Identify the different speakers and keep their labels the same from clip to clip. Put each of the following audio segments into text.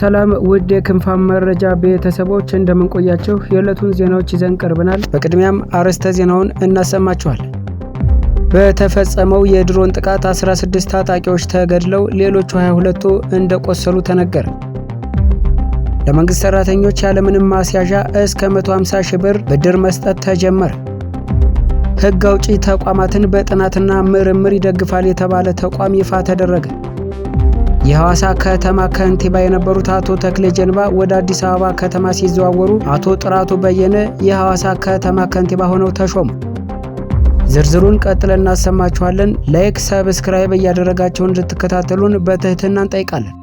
Speaker 1: ሰላም ውድ የክንፋም መረጃ ቤተሰቦች እንደምንቆያችሁ፣ የዕለቱን ዜናዎች ይዘን ቀርበናል። በቅድሚያም አርዕስተ ዜናውን እናሰማችኋል። በተፈጸመው የድሮን ጥቃት 16 ታጣቂዎች ተገድለው ሌሎቹ 22ቱ እንደቆሰሉ ተነገረ። ለመንግሥት ሠራተኞች ያለምንም ማስያዣ እስከ 150 ሺህ ብር ብድር መስጠት ተጀመረ። ሕግ አውጪ ተቋማትን በጥናትና ምርምር ይደግፋል የተባለ ተቋም ይፋ ተደረገ። የሐዋሳ ከተማ ከንቲባ የነበሩት አቶ ተክሌ ጀንባ ወደ አዲስ አበባ ከተማ ሲዘዋወሩ አቶ ጥራቱ በየነ የሐዋሳ ከተማ ከንቲባ ሆነው ተሾሙ። ዝርዝሩን ቀጥለን እናሰማችኋለን። ላይክ፣ ሰብስክራይብ እያደረጋቸው እንድትከታተሉን በትህትና እንጠይቃለን።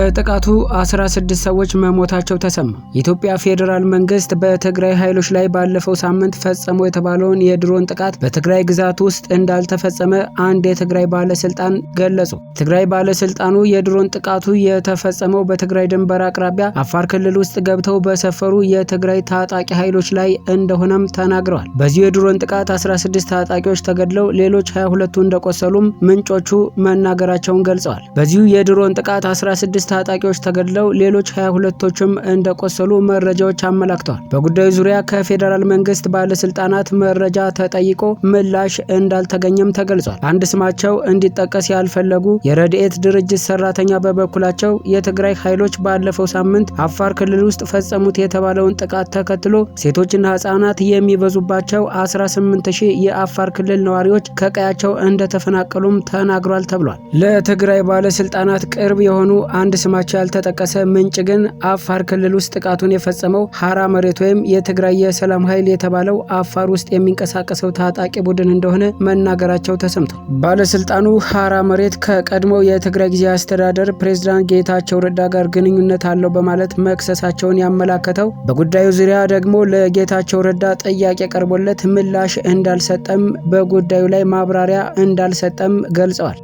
Speaker 1: በጥቃቱ 16 ሰዎች መሞታቸው ተሰማ። የኢትዮጵያ ፌዴራል መንግስት በትግራይ ኃይሎች ላይ ባለፈው ሳምንት ፈጸሞ የተባለውን የድሮን ጥቃት በትግራይ ግዛት ውስጥ እንዳልተፈጸመ አንድ የትግራይ ባለስልጣን ገለጹ። ትግራይ ባለስልጣኑ የድሮን ጥቃቱ የተፈጸመው በትግራይ ድንበር አቅራቢያ አፋር ክልል ውስጥ ገብተው በሰፈሩ የትግራይ ታጣቂ ኃይሎች ላይ እንደሆነም ተናግረዋል። በዚሁ የድሮን ጥቃት 16 ታጣቂዎች ተገድለው ሌሎች 22ቱ እንደቆሰሉም ምንጮቹ መናገራቸውን ገልጸዋል። በዚሁ የድሮን ጥቃት 16 ታጣቂዎች ተገድለው ሌሎች 22ቶችም እንደቆሰሉ መረጃዎች አመላክተዋል። በጉዳዩ ዙሪያ ከፌዴራል መንግስት ባለስልጣናት መረጃ ተጠይቆ ምላሽ እንዳልተገኘም ተገልጿል። አንድ ስማቸው እንዲጠቀስ ያልፈለጉ የረድኤት ድርጅት ሰራተኛ በበኩላቸው የትግራይ ኃይሎች ባለፈው ሳምንት አፋር ክልል ውስጥ ፈጸሙት የተባለውን ጥቃት ተከትሎ ሴቶችና ህጻናት የሚበዙባቸው 18 ሺህ የአፋር ክልል ነዋሪዎች ከቀያቸው እንደተፈናቀሉም ተናግሯል ተብሏል። ለትግራይ ባለስልጣናት ቅርብ የሆኑ አንድ ስማቸው ያልተጠቀሰ ምንጭ ግን አፋር ክልል ውስጥ ጥቃቱን የፈጸመው ሀራ መሬት ወይም የትግራይ የሰላም ኃይል የተባለው አፋር ውስጥ የሚንቀሳቀሰው ታጣቂ ቡድን እንደሆነ መናገራቸው ተሰምቷል። ባለስልጣኑ ሀራ መሬት ከቀድሞው የትግራይ ጊዜ አስተዳደር ፕሬዝዳንት ጌታቸው ረዳ ጋር ግንኙነት አለው በማለት መክሰሳቸውን ያመላከተው በጉዳዩ ዙሪያ ደግሞ ለጌታቸው ረዳ ጥያቄ ቀርቦለት ምላሽ እንዳልሰጠም በጉዳዩ ላይ ማብራሪያ እንዳልሰጠም ገልጸዋል።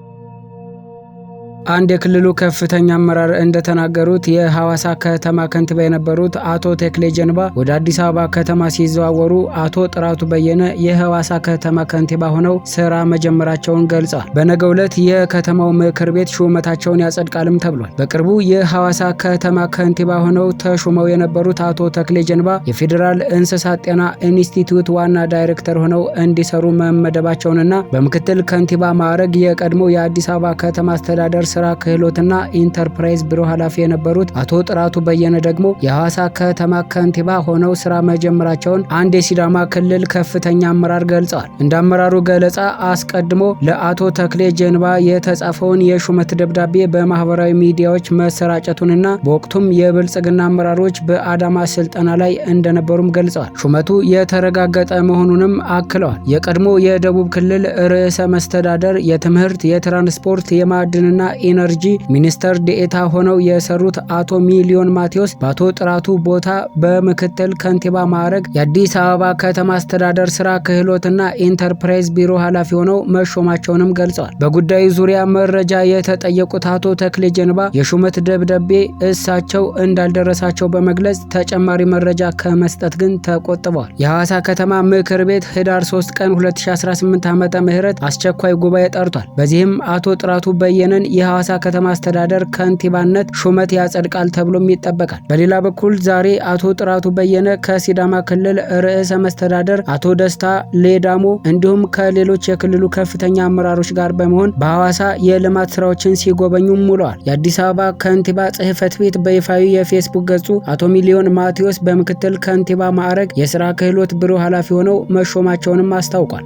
Speaker 1: አንድ የክልሉ ከፍተኛ አመራር እንደተናገሩት የሐዋሳ ከተማ ከንቲባ የነበሩት አቶ ተክሌ ጀንባ ወደ አዲስ አበባ ከተማ ሲዘዋወሩ አቶ ጥራቱ በየነ የሐዋሳ ከተማ ከንቲባ ሆነው ስራ መጀመራቸውን ገልጿል። በነገው ዕለት የከተማው ምክር ቤት ሹመታቸውን ያጸድቃልም ተብሏል። በቅርቡ የሐዋሳ ከተማ ከንቲባ ሆነው ተሹመው የነበሩት አቶ ተክሌ ጀንባ የፌዴራል እንስሳት ጤና ኢንስቲትዩት ዋና ዳይሬክተር ሆነው እንዲሰሩ መመደባቸውንና በምክትል ከንቲባ ማዕረግ የቀድሞ የአዲስ አበባ ከተማ አስተዳደር ስራ ክህሎትና ኢንተርፕራይዝ ቢሮ ኃላፊ የነበሩት አቶ ጥራቱ በየነ ደግሞ የሐዋሳ ከተማ ከንቲባ ሆነው ስራ መጀመራቸውን አንድ የሲዳማ ክልል ከፍተኛ አመራር ገልጸዋል። እንደ አመራሩ ገለጻ አስቀድሞ ለአቶ ተክሌ ጀንባ የተጻፈውን የሹመት ደብዳቤ በማህበራዊ ሚዲያዎች መሰራጨቱንና በወቅቱም የብልጽግና አመራሮች በአዳማ ስልጠና ላይ እንደነበሩም ገልጸዋል። ሹመቱ የተረጋገጠ መሆኑንም አክለዋል። የቀድሞ የደቡብ ክልል ርዕሰ መስተዳደር የትምህርት፣ የትራንስፖርት፣ የማዕድንና ኢነርጂ ሚኒስተር ዴኤታ ሆነው የሰሩት አቶ ሚሊዮን ማቴዎስ በአቶ ጥራቱ ቦታ በምክትል ከንቲባ ማዕረግ የአዲስ አበባ ከተማ አስተዳደር ስራ ክህሎትና ኢንተርፕራይዝ ቢሮ ኃላፊ ሆነው መሾማቸውንም ገልጸዋል። በጉዳዩ ዙሪያ መረጃ የተጠየቁት አቶ ተክሌ ጀንባ የሹመት ደብዳቤ እሳቸው እንዳልደረሳቸው በመግለጽ ተጨማሪ መረጃ ከመስጠት ግን ተቆጥበዋል። የሐዋሳ ከተማ ምክር ቤት ህዳር 3 ቀን 2018 ዓ ም አስቸኳይ ጉባኤ ጠርቷል። በዚህም አቶ ጥራቱ በየነን የሐዋሳ ከተማ አስተዳደር ከንቲባነት ሹመት ያጸድቃል ተብሎም ይጠበቃል። በሌላ በኩል ዛሬ አቶ ጥራቱ በየነ ከሲዳማ ክልል ርዕሰ መስተዳደር አቶ ደስታ ሌዳሞ እንዲሁም ከሌሎች የክልሉ ከፍተኛ አመራሮች ጋር በመሆን በሐዋሳ የልማት ስራዎችን ሲጎበኙ ውለዋል። የአዲስ አበባ ከንቲባ ጽህፈት ቤት በይፋዊ የፌስቡክ ገጹ አቶ ሚሊዮን ማቴዎስ በምክትል ከንቲባ ማዕረግ የስራ ክህሎት ቢሮ ኃላፊ ሆነው መሾማቸውንም አስታውቋል።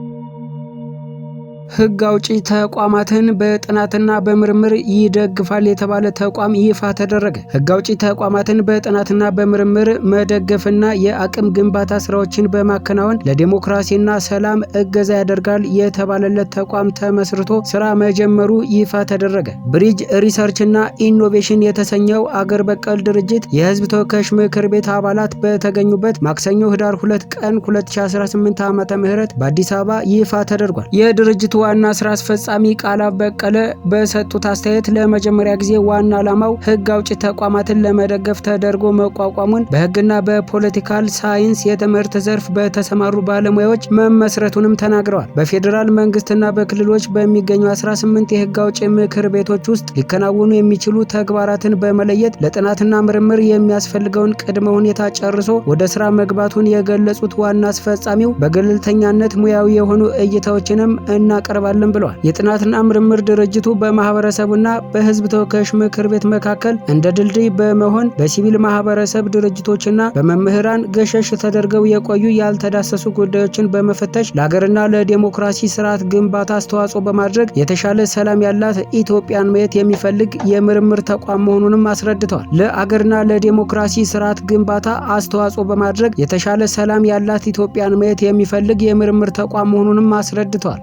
Speaker 1: ህግ አውጪ ተቋማትን በጥናትና በምርምር ይደግፋል የተባለ ተቋም ይፋ ተደረገ። ህግ አውጪ ተቋማትን በጥናትና በምርምር መደገፍና የአቅም ግንባታ ስራዎችን በማከናወን ለዲሞክራሲና ሰላም እገዛ ያደርጋል የተባለለት ተቋም ተመስርቶ ስራ መጀመሩ ይፋ ተደረገ። ብሪጅ ሪሰርችና ኢኖቬሽን የተሰኘው አገር በቀል ድርጅት የህዝብ ተወካዮች ምክር ቤት አባላት በተገኙበት ማክሰኞ ህዳር 2 ቀን 2018 ዓ ም በአዲስ አበባ ይፋ ተደርጓል። የድርጅቱ ዋና ስራ አስፈጻሚ ቃል በቀለ በሰጡት አስተያየት ለመጀመሪያ ጊዜ ዋና ዓላማው ህግ አውጪ ተቋማትን ለመደገፍ ተደርጎ መቋቋሙን በህግና በፖለቲካል ሳይንስ የትምህርት ዘርፍ በተሰማሩ ባለሙያዎች መመስረቱንም ተናግረዋል። በፌዴራል መንግስትና በክልሎች በሚገኙ 18 የህግ አውጪ ምክር ቤቶች ውስጥ ሊከናወኑ የሚችሉ ተግባራትን በመለየት ለጥናትና ምርምር የሚያስፈልገውን ቅድመ ሁኔታ ጨርሶ ወደ ስራ መግባቱን የገለጹት ዋና አስፈጻሚው በገለልተኛነት ሙያዊ የሆኑ እይታዎችንም እና እናቀርባለን ብለዋል። የጥናትና ምርምር ድርጅቱ በማህበረሰቡና በህዝብ ተወካዮች ምክር ቤት መካከል እንደ ድልድይ በመሆን በሲቪል ማህበረሰብ ድርጅቶችና በመምህራን ገሸሽ ተደርገው የቆዩ ያልተዳሰሱ ጉዳዮችን በመፈተሽ ለሀገርና ለዴሞክራሲ ስርዓት ግንባታ አስተዋጽኦ በማድረግ የተሻለ ሰላም ያላት ኢትዮጵያን ማየት የሚፈልግ የምርምር ተቋም መሆኑንም አስረድተዋል። ለአገርና ለዴሞክራሲ ስርዓት ግንባታ አስተዋጽኦ በማድረግ የተሻለ ሰላም ያላት ኢትዮጵያን ማየት የሚፈልግ የምርምር ተቋም መሆኑንም አስረድተዋል።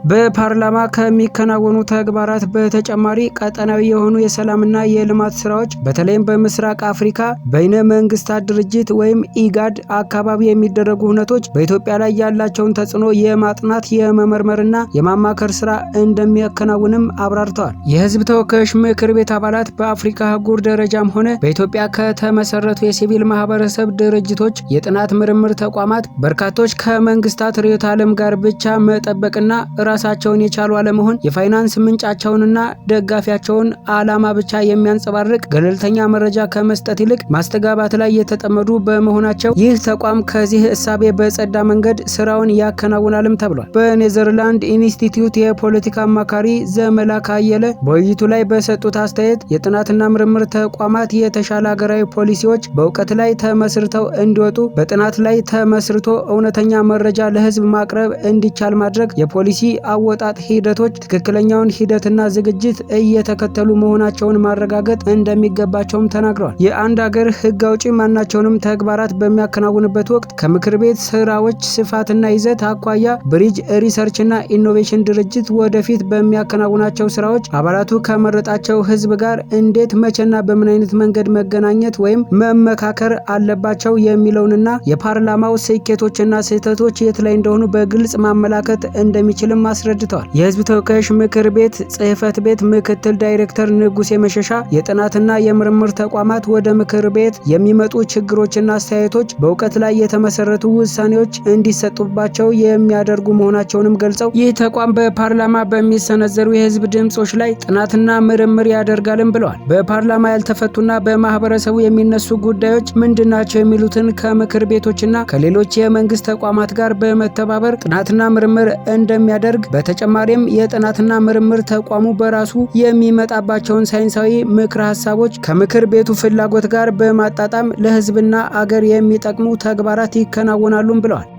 Speaker 1: ፓርላማ ከሚከናወኑ ተግባራት በተጨማሪ ቀጠናዊ የሆኑ የሰላምና የልማት ስራዎች በተለይም በምስራቅ አፍሪካ በይነ መንግስታት ድርጅት ወይም ኢጋድ አካባቢ የሚደረጉ ሁነቶች በኢትዮጵያ ላይ ያላቸውን ተጽዕኖ የማጥናት የመመርመርና የማማከር ስራ እንደሚያከናውንም አብራርተዋል። የህዝብ ተወካዮች ምክር ቤት አባላት በአፍሪካ አህጉር ደረጃም ሆነ በኢትዮጵያ ከተመሰረቱ የሲቪል ማህበረሰብ ድርጅቶች፣ የጥናት ምርምር ተቋማት በርካቶች ከመንግስታት ርዕዮተ ዓለም ጋር ብቻ መጠበቅና ራሳቸውን የቻሉ አለመሆን የፋይናንስ ምንጫቸውንና ደጋፊያቸውን ዓላማ ብቻ የሚያንጸባርቅ ገለልተኛ መረጃ ከመስጠት ይልቅ ማስተጋባት ላይ የተጠመዱ በመሆናቸው ይህ ተቋም ከዚህ እሳቤ በጸዳ መንገድ ስራውን ያከናውናልም ተብሏል። በኔዘርላንድ ኢንስቲትዩት የፖለቲካ አማካሪ ዘመላክ አየለ በውይይቱ ላይ በሰጡት አስተያየት የጥናትና ምርምር ተቋማት የተሻለ ሀገራዊ ፖሊሲዎች በእውቀት ላይ ተመስርተው እንዲወጡ በጥናት ላይ ተመስርቶ እውነተኛ መረጃ ለህዝብ ማቅረብ እንዲቻል ማድረግ የፖሊሲ አወጣ የማውጣት ሂደቶች ትክክለኛውን ሂደትና ዝግጅት እየተከተሉ መሆናቸውን ማረጋገጥ እንደሚገባቸውም ተናግረዋል። የአንድ አገር ህግ አውጪ ማናቸውንም ተግባራት በሚያከናውንበት ወቅት ከምክር ቤት ስራዎች ስፋትና ይዘት አኳያ ብሪጅ ሪሰርችና ኢኖቬሽን ድርጅት ወደፊት በሚያከናውናቸው ስራዎች አባላቱ ከመረጣቸው ህዝብ ጋር እንዴት መቼና በምን አይነት መንገድ መገናኘት ወይም መመካከር አለባቸው የሚለውንና የፓርላማው ስኬቶችና ስህተቶች የት ላይ እንደሆኑ በግልጽ ማመላከት እንደሚችልም አስረድተዋል። ተሰጥተዋል። የህዝብ ተወካዮች ምክር ቤት ጽህፈት ቤት ምክትል ዳይሬክተር ንጉሴ መሸሻ የጥናትና የምርምር ተቋማት ወደ ምክር ቤት የሚመጡ ችግሮችና አስተያየቶች በእውቀት ላይ የተመሰረቱ ውሳኔዎች እንዲሰጡባቸው የሚያደርጉ መሆናቸውንም ገልጸው ይህ ተቋም በፓርላማ በሚሰነዘሩ የህዝብ ድምፆች ላይ ጥናትና ምርምር ያደርጋልም ብለዋል። በፓርላማ ያልተፈቱና በማህበረሰቡ የሚነሱ ጉዳዮች ምንድናቸው የሚሉትን ከምክር ቤቶችና ከሌሎች የመንግስት ተቋማት ጋር በመተባበር ጥናትና ምርምር እንደሚያደርግ በተጨ በተጨማሪም የጥናትና ምርምር ተቋሙ በራሱ የሚመጣባቸውን ሳይንሳዊ ምክር ሀሳቦች ከምክር ቤቱ ፍላጎት ጋር በማጣጣም ለህዝብና አገር የሚጠቅሙ ተግባራት ይከናወናሉም ብለዋል።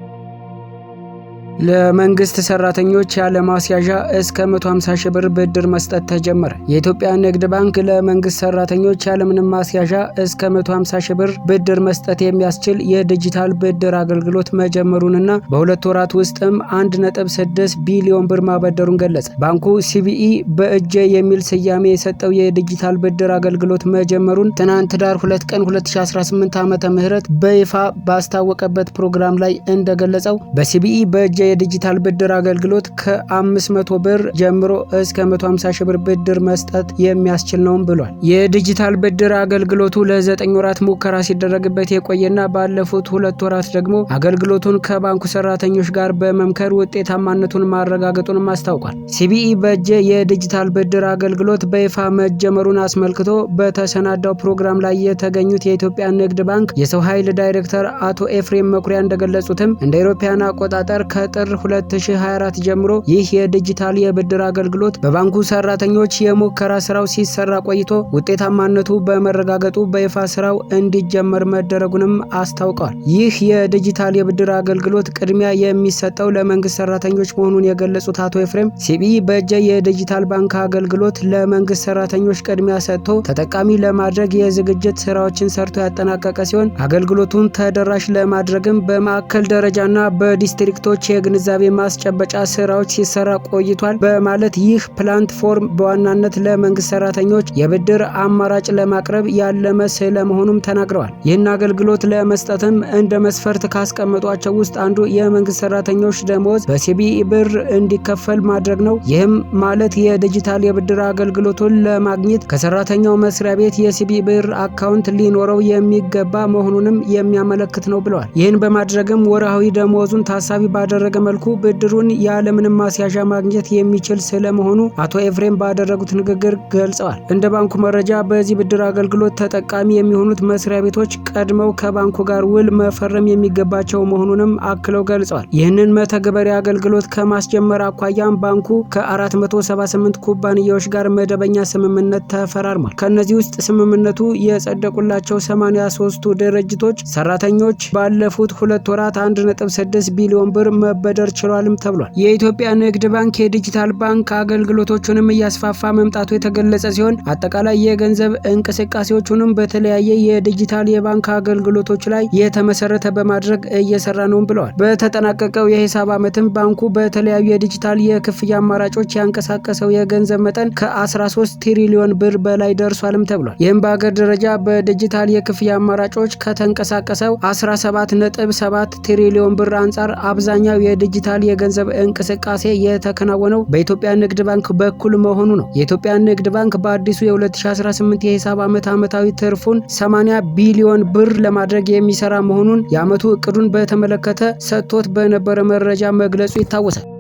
Speaker 1: ለመንግስት ሰራተኞች ያለ ማስያዣ እስከ 150 ሺህ ብር ብድር መስጠት ተጀመረ። የኢትዮጵያ ንግድ ባንክ ለመንግስት ሰራተኞች ያለምንም ማስያዣ እስከ 150 ሺህ ብር ብድር መስጠት የሚያስችል የዲጂታል ብድር አገልግሎት መጀመሩንና በሁለት ወራት ውስጥም 1.6 ቢሊዮን ብር ማበደሩን ገለጸ። ባንኩ ሲቢኢ በእጄ የሚል ስያሜ የሰጠው የዲጂታል ብድር አገልግሎት መጀመሩን ትናንት ዳር 2 ቀን 2018 ዓ.ም በይፋ ባስታወቀበት ፕሮግራም ላይ እንደገለጸው በሲቢኢ በእጄ የዲጂታል ብድር አገልግሎት ከ500 ብር ጀምሮ እስከ 150 ሺህ ብር ብድር መስጠት የሚያስችል ነውም ብሏል። የዲጂታል ብድር አገልግሎቱ ለዘጠኝ ወራት ሙከራ ሲደረግበት የቆየና ባለፉት ሁለት ወራት ደግሞ አገልግሎቱን ከባንኩ ሰራተኞች ጋር በመምከር ውጤታማነቱን ማረጋገጡንም አስታውቋል። ሲቢኢ በጄ የዲጂታል ብድር አገልግሎት በይፋ መጀመሩን አስመልክቶ በተሰናዳው ፕሮግራም ላይ የተገኙት የኢትዮጵያ ንግድ ባንክ የሰው ኃይል ዳይሬክተር አቶ ኤፍሬም መኩሪያ እንደገለጹትም እንደ ኢሮፓያን አቆጣጠር ከ ጥር 2024 ጀምሮ ይህ የዲጂታል የብድር አገልግሎት በባንኩ ሰራተኞች የሙከራ ስራው ሲሰራ ቆይቶ ውጤታማነቱ በመረጋገጡ በይፋ ስራው እንዲጀመር መደረጉንም አስታውቀዋል። ይህ የዲጂታል የብድር አገልግሎት ቅድሚያ የሚሰጠው ለመንግስት ሰራተኞች መሆኑን የገለጹት አቶ ኤፍሬም ሲቢኢ በእጀ የዲጂታል ባንክ አገልግሎት ለመንግስት ሰራተኞች ቅድሚያ ሰጥቶ ተጠቃሚ ለማድረግ የዝግጅት ስራዎችን ሰርቶ ያጠናቀቀ ሲሆን አገልግሎቱን ተደራሽ ለማድረግም በማዕከል ደረጃና በዲስትሪክቶች የ የግንዛቤ ማስጨበጫ ስራዎች ሲሰራ ቆይቷል በማለት ይህ ፕላትፎርም በዋናነት ለመንግስት ሰራተኞች የብድር አማራጭ ለማቅረብ ያለመ ስለመሆኑም ተናግረዋል። ይህን አገልግሎት ለመስጠትም እንደ መስፈርት ካስቀመጧቸው ውስጥ አንዱ የመንግስት ሰራተኞች ደሞዝ በሲቢኢ ብር እንዲከፈል ማድረግ ነው። ይህም ማለት የዲጂታል የብድር አገልግሎቱን ለማግኘት ከሰራተኛው መስሪያ ቤት የሲቢኢ ብር አካውንት ሊኖረው የሚገባ መሆኑንም የሚያመለክት ነው ብለዋል። ይህን በማድረግም ወርሃዊ ደሞዙን ታሳቢ ባደረገ በተደረገ መልኩ ብድሩን ያለምንም ማስያዣ ማግኘት የሚችል ስለመሆኑ አቶ ኤፍሬም ባደረጉት ንግግር ገልጸዋል። እንደ ባንኩ መረጃ በዚህ ብድር አገልግሎት ተጠቃሚ የሚሆኑት መስሪያ ቤቶች ቀድመው ከባንኩ ጋር ውል መፈረም የሚገባቸው መሆኑንም አክለው ገልጸዋል። ይህንን መተግበሪያ አገልግሎት ከማስጀመር አኳያም ባንኩ ከ478 ኩባንያዎች ጋር መደበኛ ስምምነት ተፈራርሟል። ከእነዚህ ውስጥ ስምምነቱ የጸደቁላቸው 83ቱ ድርጅቶች ሰራተኞች ባለፉት ሁለት ወራት 1.6 ቢሊዮን ብር መበ መበደር ችሏልም ተብሏል። የኢትዮጵያ ንግድ ባንክ የዲጂታል ባንክ አገልግሎቶቹንም እያስፋፋ መምጣቱ የተገለጸ ሲሆን አጠቃላይ የገንዘብ እንቅስቃሴዎቹንም በተለያየ የዲጂታል የባንክ አገልግሎቶች ላይ የተመሰረተ በማድረግ እየሰራ ነውም ብለዋል። በተጠናቀቀው የሂሳብ ዓመትም ባንኩ በተለያዩ የዲጂታል የክፍያ አማራጮች ያንቀሳቀሰው የገንዘብ መጠን ከ13 ትሪሊዮን ብር በላይ ደርሷልም ተብሏል። ይህም በአገር ደረጃ በዲጂታል የክፍያ አማራጮች ከተንቀሳቀሰው 17.7 ትሪሊዮን ብር አንጻር አብዛኛው የዲጂታል የገንዘብ እንቅስቃሴ የተከናወነው በኢትዮጵያ ንግድ ባንክ በኩል መሆኑ ነው። የኢትዮጵያ ንግድ ባንክ በአዲሱ የ2018 የሂሳብ ዓመት ዓመታዊ ትርፉን 80 ቢሊዮን ብር ለማድረግ የሚሰራ መሆኑን የዓመቱ እቅዱን በተመለከተ ሰጥቶት በነበረ መረጃ መግለጹ ይታወሳል።